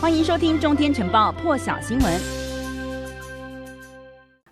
歡迎收聽《中天晨報》破曉新聞。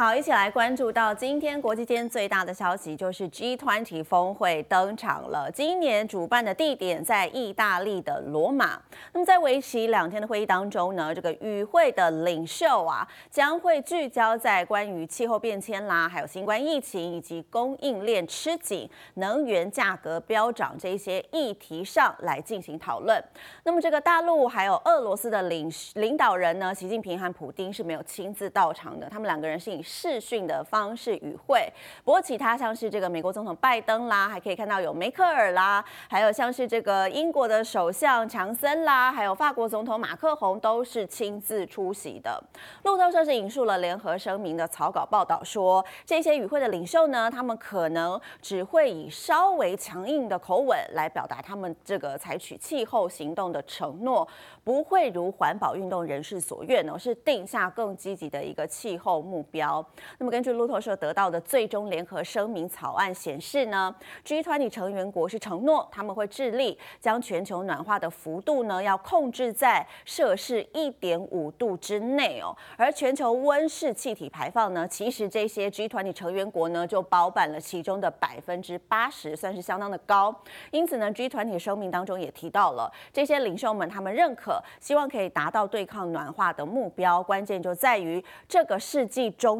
好，一起來關注到今天國際間最大的消息，就是 G20 峰會登場了。今年主辦的地點在意大利的羅馬。那麼在為期兩天的會議當中呢，這個與會的領袖啊，將會聚焦在關於氣候變遷啦，還有新冠疫情以及供應鏈吃緊、能源價格飆漲這些議題上來進行討論。那麼這個大陸還有俄羅斯的領領導人呢，習近平和普丁是沒有親自到場的，他們兩個人是以視訊的方式與會，不過其他像是這個美國總統拜登啦，還可以看到有梅克爾啦，還有像是這個英國的首相強森啦，還有法國總統馬克宏都是親自出席的。路透社是引述了聯合聲明的草稿報道說，這些與會的領袖呢，他們可能只會以稍微強硬的口吻來表達他們這個採取氣候行動的承諾，不會如環保運動人士所願呢，是定下更積極的一個氣候目標。那麼，根據路透社得到的最終聯合聲明草案顯示呢，G 團體成員國是承諾他們會致力將全球暖化的幅度呢，要控制在攝氏一點五度之內哦。而全球溫室氣體排放呢，其實這些 G 團體成員國呢就包攬了其中的百分之八十，算是相當的高。因此呢，G 團體聲明當中也提到了這些領袖們，他們認可希望可以達到對抗暖化的目標，關鍵就在於這個世紀中。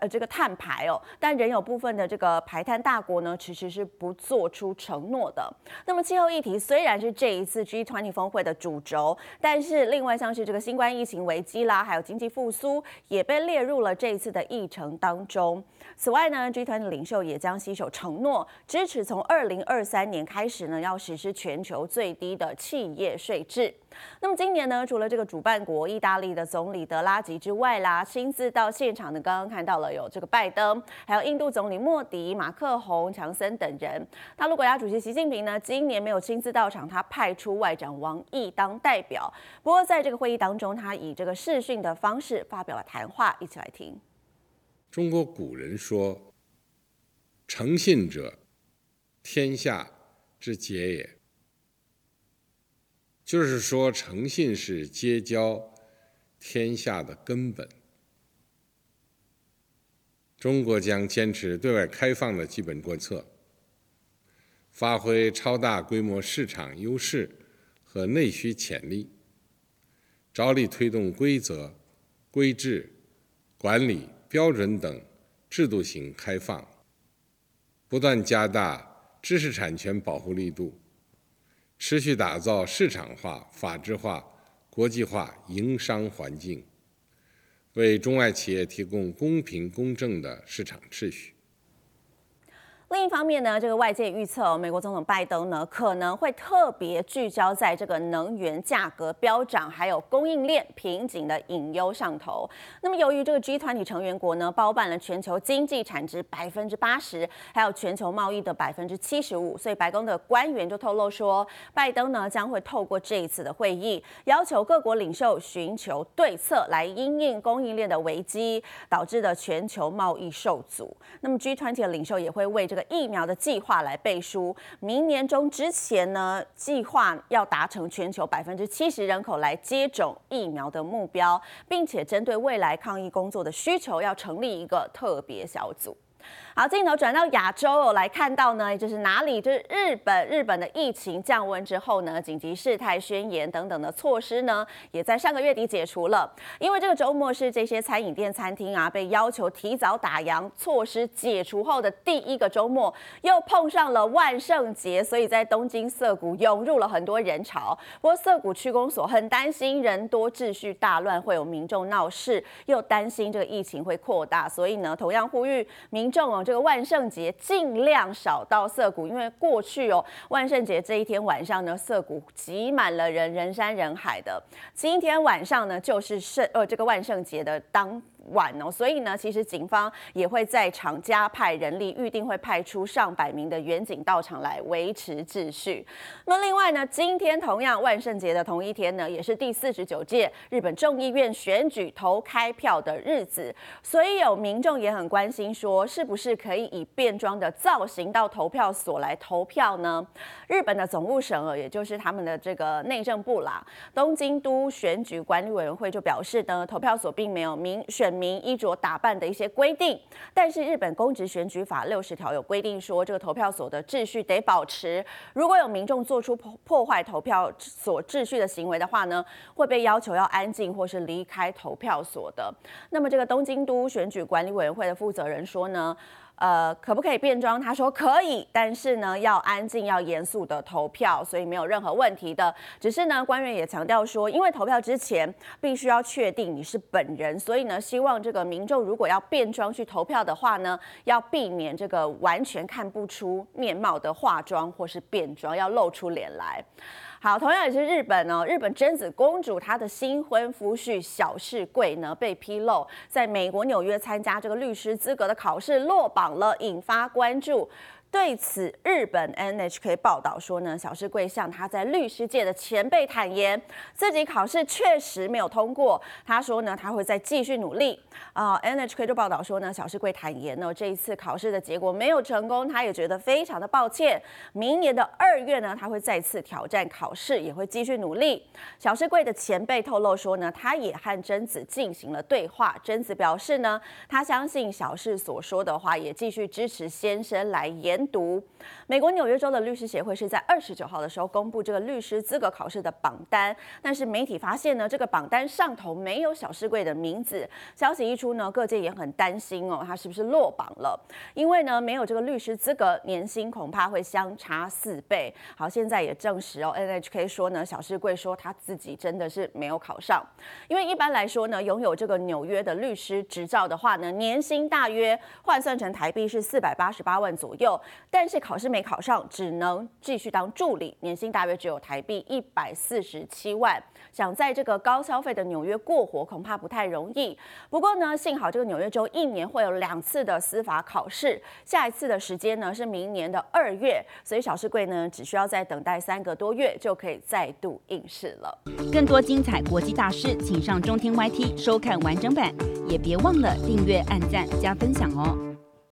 呃，這個碳排哦，但仍有部分的這個排碳大國呢，其實是不做出承諾的。那麼氣候議題雖然是這一次 G20 峰會的主軸，但是另外像是這個新冠疫情危機啦，還有經濟復甦，也被列入了這一次的議程當中。此外呢，G20 領袖也將攜手承諾，支持從2023年開始呢，要實施全球最低的企業稅制。那麼今年呢，除了這個主辦國意大利的總理德拉吉之外啦，親自到現場的剛剛看到。了有這個拜登，還有印度總理莫迪、馬克宏、強森等人。大陸國家主席習近平呢，今年沒有親自到場，他派出外長王毅當代表。不過在這個會議當中，他以這個視訊的方式發表了談話，一起來聽。中國古人說：“誠信者，天下之結也。”就是說，誠信是結交天下的根本。中國將堅持對外開放的基本國策，發揮超大規模市場優勢和內需潛力，着力推動規則、規制、管理、標準等制度型開放，不斷加大知識產權保護力度，持續打造市場化、法治化、國際化營商環境。為中外企業提供公平公正的市場秩序。另一方面呢，這個外界預測，美國總統拜登呢可能會特別聚焦在這個能源價格飆漲，還有供應鏈瓶頸的隱憂上頭。那麼，由於這個 G 團體成員國呢包辦了全球經濟產值百分之八十，還有全球貿易的百分之七十五，所以白宮的官員就透露說，拜登呢將會透過這一次的會議，要求各國領袖尋求對策，來因應供應鏈的危機，導致的全球貿易受阻。那麼，G 團體的領袖也會為這個疫苗的計劃來背書，明年中之前呢，計劃要達成全球百分之七十人口來接種疫苗的目標，並且針對未來抗疫工作的需求，要成立一個特別小組。好，鏡頭轉到亞洲我來看到呢，就是哪裡？就是日本。日本的疫情降溫之後呢，緊急事態宣言等等的措施呢，也在上個月底解除了。因為這個週末是這些餐飲店餐、啊、餐廳啊被要求提早打烊，措施解除後的第一個週末，又碰上了萬聖節，所以在東京澀谷湧入了很多人潮。不過澀谷區公所很擔心人多秩序大亂會有民眾鬧事，又擔心這個疫情會擴大，所以呢，同樣呼籲民眾哦、啊。這個萬聖節盡量少到澀谷，因為過去哦，萬聖節這一天晚上呢，澀谷擠滿了人，人山人海的。今天晚上呢，就是聖，呃，這個萬聖節的當。晚哦，所以呢，其實警方也會在場加派人力，預定會派出上百名的員警到場來維持秩序。那麼另外呢，今天同樣萬聖節的同一天呢，也是第四十九屆日本眾議院選舉投開票的日子，所以有民眾也很關心說，是不是可以以變裝的造型到投票所來投票呢？日本的總務省啊，也就是他們的這個內政部啦，東京都選舉管理委員會就表示呢，投票所並沒有明選。民衣着打扮的一些規定，但是日本公職選舉法六十條有規定說，這個投票所的秩序得保持。如果有民眾做出破破壞投票所秩序的行為的話呢，會被要求要安靜或是離開投票所的。那麼，這個東京都選舉管理委員會的負責人說呢，呃，可不可以變裝？他說可以，但是呢，要安靜、要嚴肅的投票，所以沒有任何問題的。只是呢，官員也強調說，因為投票之前必須要確定你是本人，所以呢，希望這個民眾如果要變裝去投票的話呢，要避免這個完全看不出面貌的化妝或是變裝，要露出臉來。好，同樣也是日本呢，日本真子公主她的新婚夫婿小室圭呢，被披露在美國紐約參加這個律師資格的考試落榜了，引發關注。對此，日本 NHK 報道說呢，小室圭向他在律師界的前輩坦言，自己考試確實沒有通過。他說呢，他會再繼續努力啊。Uh, NHK 就報道說呢，小室圭坦言呢，這一次考試的結果沒有成功，他也覺得非常的抱歉。明年的二月呢，他會再次挑戰考試，也會繼續努力。小室圭的前輩透露說呢，他也和真子進行了對話，真子表示呢，他相信小室所說的話，也繼續支持先生來研。讀美國紐約州的律師協會是在二十九號的時候公布這個律師資格考試的榜單，但是媒體發現呢，這個榜單上頭沒有小室圭的名字。消息一出呢，各界也很擔心哦，他是不是落榜了？因為呢，沒有這個律師資格，年薪恐怕會相差四倍。好，現在也證實哦，NHK 說呢，小室圭說他自己真的是沒有考上。因為一般來說呢，擁有這個紐約的律師執照的話呢，年薪大約換算成台幣是四百八十八萬左右。但是考試沒考上，只能繼續當助理，年薪大約只有台幣一百四十七萬。想在這個高消費的紐約過活，恐怕不太容易。不過呢，幸好這個紐約州一年會有兩次的司法考試，下一次的時間呢是明年的二月，所以小室圭呢只需要再等待三個多月，就可以再度應試了。更多精彩國際大事，請上中天 YT 收看完整版，也別忘了訂閱、按讚、加分享哦。